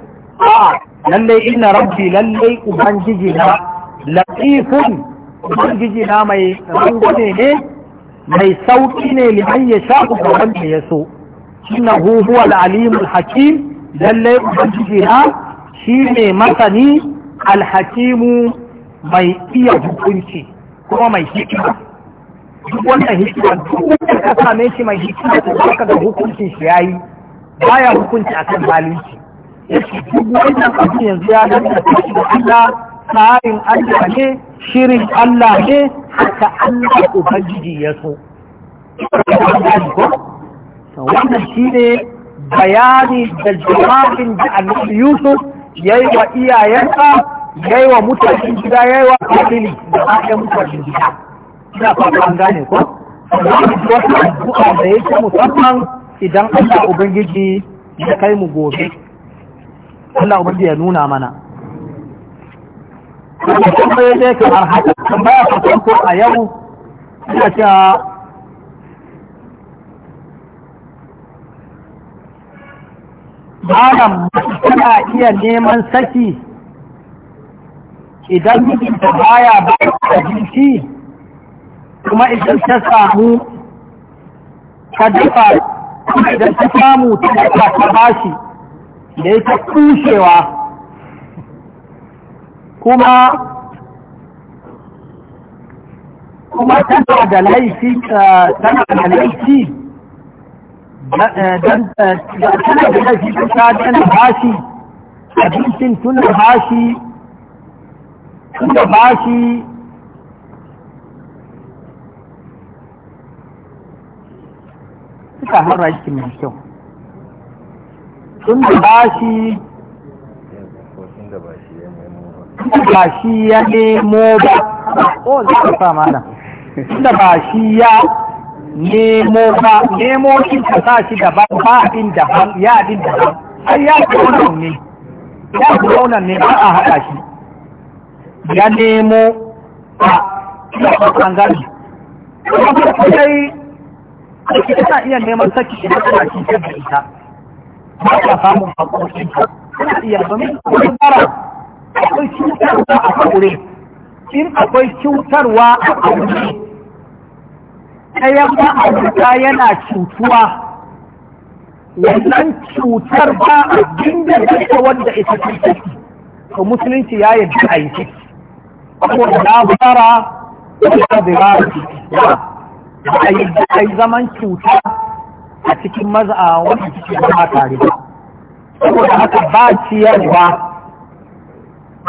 lallai inna rabbi lallai ubangiji na latifun ubangiji na mai rangwane ne mai sauki ne liman ya sha ga wanda ya so innahu huhuwa alimul hakim lallai ubangiji na shi ne masani alhakimu mai iya hukunci kuma mai hikima duk wannan hikima duk ka same shi mai hikima da baka da hukuncin shi ya yayi baya hukunci akan zalunci yake duk wannan abu yanzu ya danganta shi da Allah tsarin Allah ne shirin Allah ne haka Allah ubangiji ya so wannan shi ne bayani da jama'in da annabi Yusuf ya yi wa iyayensa ya yi wa mutanen gida ya yi wa kalili da ake mutanen gida ina fata an gane ko wasu addu'a da yake musamman idan Allah ubangiji ya kai mu gobe Allah ba ya nuna mana
tambaye ka kamar haka tambaya ta ko a yau
ina cewa malam tana iya neman saki idan mijinta baya ba da jinsi kuma idan ta samu ta dafa idan ta samu ta dafa ta bashi da yake kushewa kuma kuma tana da laifi eh, tana da laifi don eh, eh, tana da laifi ta tana bashi abincin tuna bashi tun bashi suka mai kyau tun da ba shi ba shi ya nemo ba o za ka sa mana ba shi ya nemo ba nemo shi ka sa shi da ba ba din da ya din da han ai ya kauna ne ya ne ba a haɗa shi ya nemo ba ya ba kan gani kuma sai ka iya neman saki da kuma shi ta ita ba ka samun haƙoƙin ka kana iya domin kuma bara akwai cutarwa a haƙure in akwai cutarwa a haƙure ɗayan ba a fita yana cutuwa wannan cutar ba a dinganta ita wanda ita ce ciki to musulunci ya yarda a yi ciki da na bara da ba a yi zaman cuta a cikin maza wani cikin zama tare ba saboda haka ba ciyarwa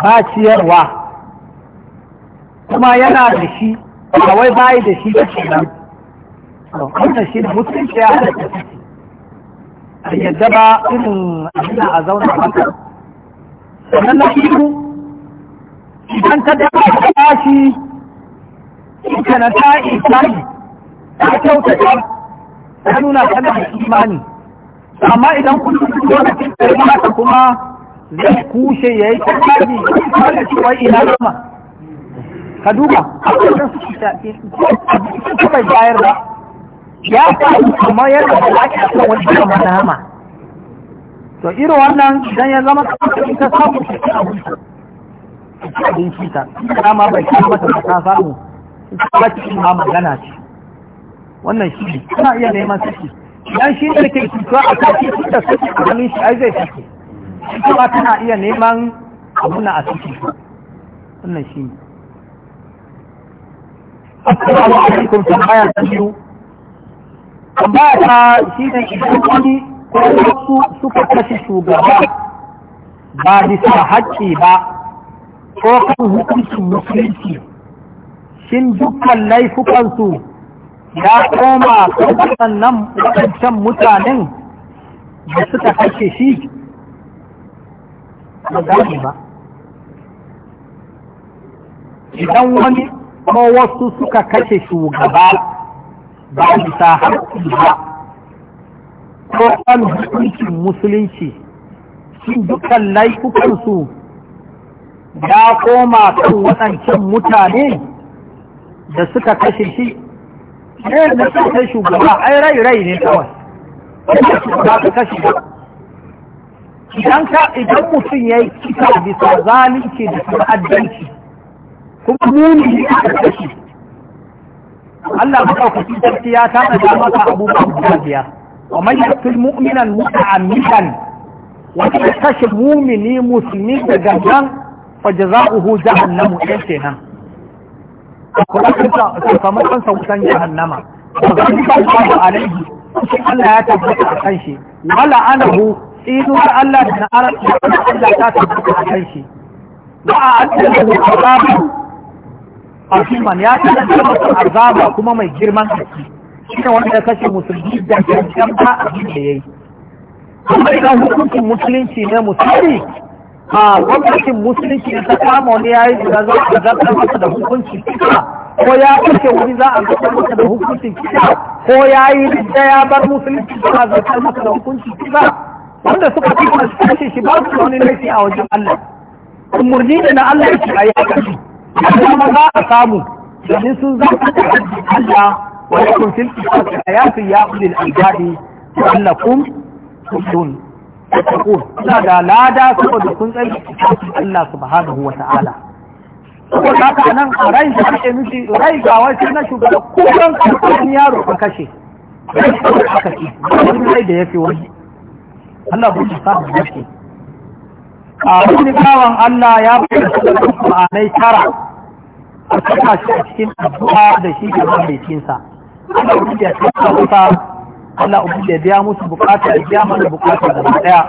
ba ciyarwa kuma yana da shi ba wai bayi da shi shi nan wannan shi da mutunci ya hada da a yadda ba irin abin a zauna haka sannan na ihu idan ka da ba shi. ita na ta isa ta ta ya nuna kana da imani amma idan kun lokacin da ya haka kuma zai kushe ya yi kakari da cewa ina gama ka duba abubuwan su shafi ko bai bayar ba ya samu kuma yadda ba ake a wani kama nama to irin wannan idan ya zama kamar ta samu ta ci shi ta dama bai kama ta ta samu ta ci ma magana ce wannan shi ne kuma iya neman saki dan shi ne ke cutuwa a kashi su da suke a hannun shi ai zai saki shi kuma tana iya neman abuna a saki wannan shi ne Assalamu alaikum tambaya ta biyu tambaya ta shi ne idan wani ko wasu suka kashe shugaba ba bisa haƙƙi ba ko kan hukuncin musulunci shin dukkan laifukansu
ya koma waɗannan
waɗancan mutanen da suka kashe shi ba gani ba idan wani ko wasu suka kashe shugaba ba bisa haƙƙi ba ko kan hukuncin musulunci sun dukkan laifukansu ya koma kan waɗancan mutane da suka kashe shi Eh, ne da sa kai shugaba ai rai rai ne kawai ba ka kashi idan ka idan mutum ya yi kisa bisa zalunci da addanci. kuma muni ne aka kashi Allah maɗaukaki sarki ya tana da masa abubuwan guda biyar wa man yaqtul mu'minan muta'ammidan wa kashe mu'mini musulmi da gangan fa jaza'uhu jahannamu ɗan kenan sakamakon sautan jahannama ba alaihi sai Allah ya tabbata a kan shi wala anahu tsinuwar Allah da na Allah ta tabbata a kan shi ba a addana da azaba asiman ya tabbata masa azaba kuma mai girman gaske shine wanda kashe musulmi da gangan ba abin da yayi kuma idan hukuncin musulunci ne musulmi a gwamnatin musulunci ta kama wani ya yi da za a zartar masa da hukuncin kisa ko ya kashe wani za a zartar masa da hukuncin kisa ko ya yi da ya bar musulunci za a zartar masa da hukuncin kisa wanda suka fi su kashe shi ba su wani laifi a wajen Allah umarni da na Allah yake a yi a kuma za a samu domin sun a kashe Allah wa yakun fil a yafi ya ulil albadi wa annakum tusun tattaqun kuna da lada saboda kun tsaya Allah subhanahu wa ta'ala ko haka nan a rai da kake nufi rai ga wai na shugaba kullum kan yaro ka kashe
aka
ci wani rai da ya fi wani Allah ku ta samu yake a wani tsawon Allah ya bayyana ma'anai tara a saka shi a cikin addu'a da shi da mai cinsa Allah ya tsaya Allah ubi da biya musu bukata da biya mana bukata da daya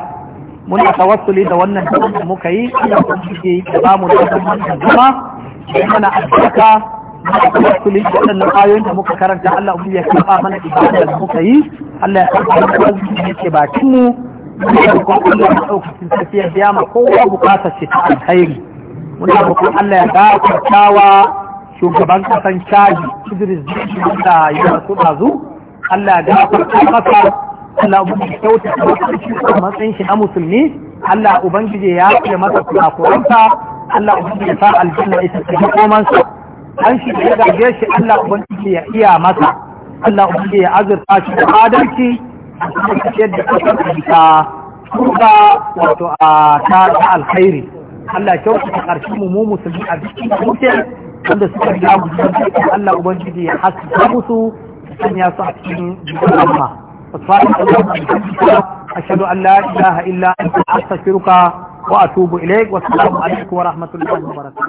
muna tawassuli da wannan da muka yi Allah ubi da ba mu da wannan zama mana albarka muna tawassuli da wannan ayoyin da muka karanta Allah ubi ya karba mana ibada da muka yi Allah ya karba mana azumin yake bakin mu
muna da kuma Allah ya
daukakin tafiya biya ma kowa bukatar shi ta alkhairi muna roƙon Allah ya gafartawa shugaban kasan shaji Idris Zidi da ya rasu dazu Allah da farka masa Allah ubangiji kyauta a matsayin shi na musulmi Allah ubangiji ya fiye masa kurakuransa Allah ya sa aljanna ita ta ji komansa an shi ya gaje shi Allah ya iya masa Allah ya azurta shi da adalci a cikin tafiyar da kasar ta wato a alkhairi Allah kyauta ta ƙarshen mu musulmi a bikin mutum wanda suka ga mu Allah ya haska musu sanya su a cikin jikin amma فصالح اللهم بحمدك أشهد أن لا إله إلا أنت أستغفرك وأتوب إليك والسلام عليكم ورحمة الله وبركاته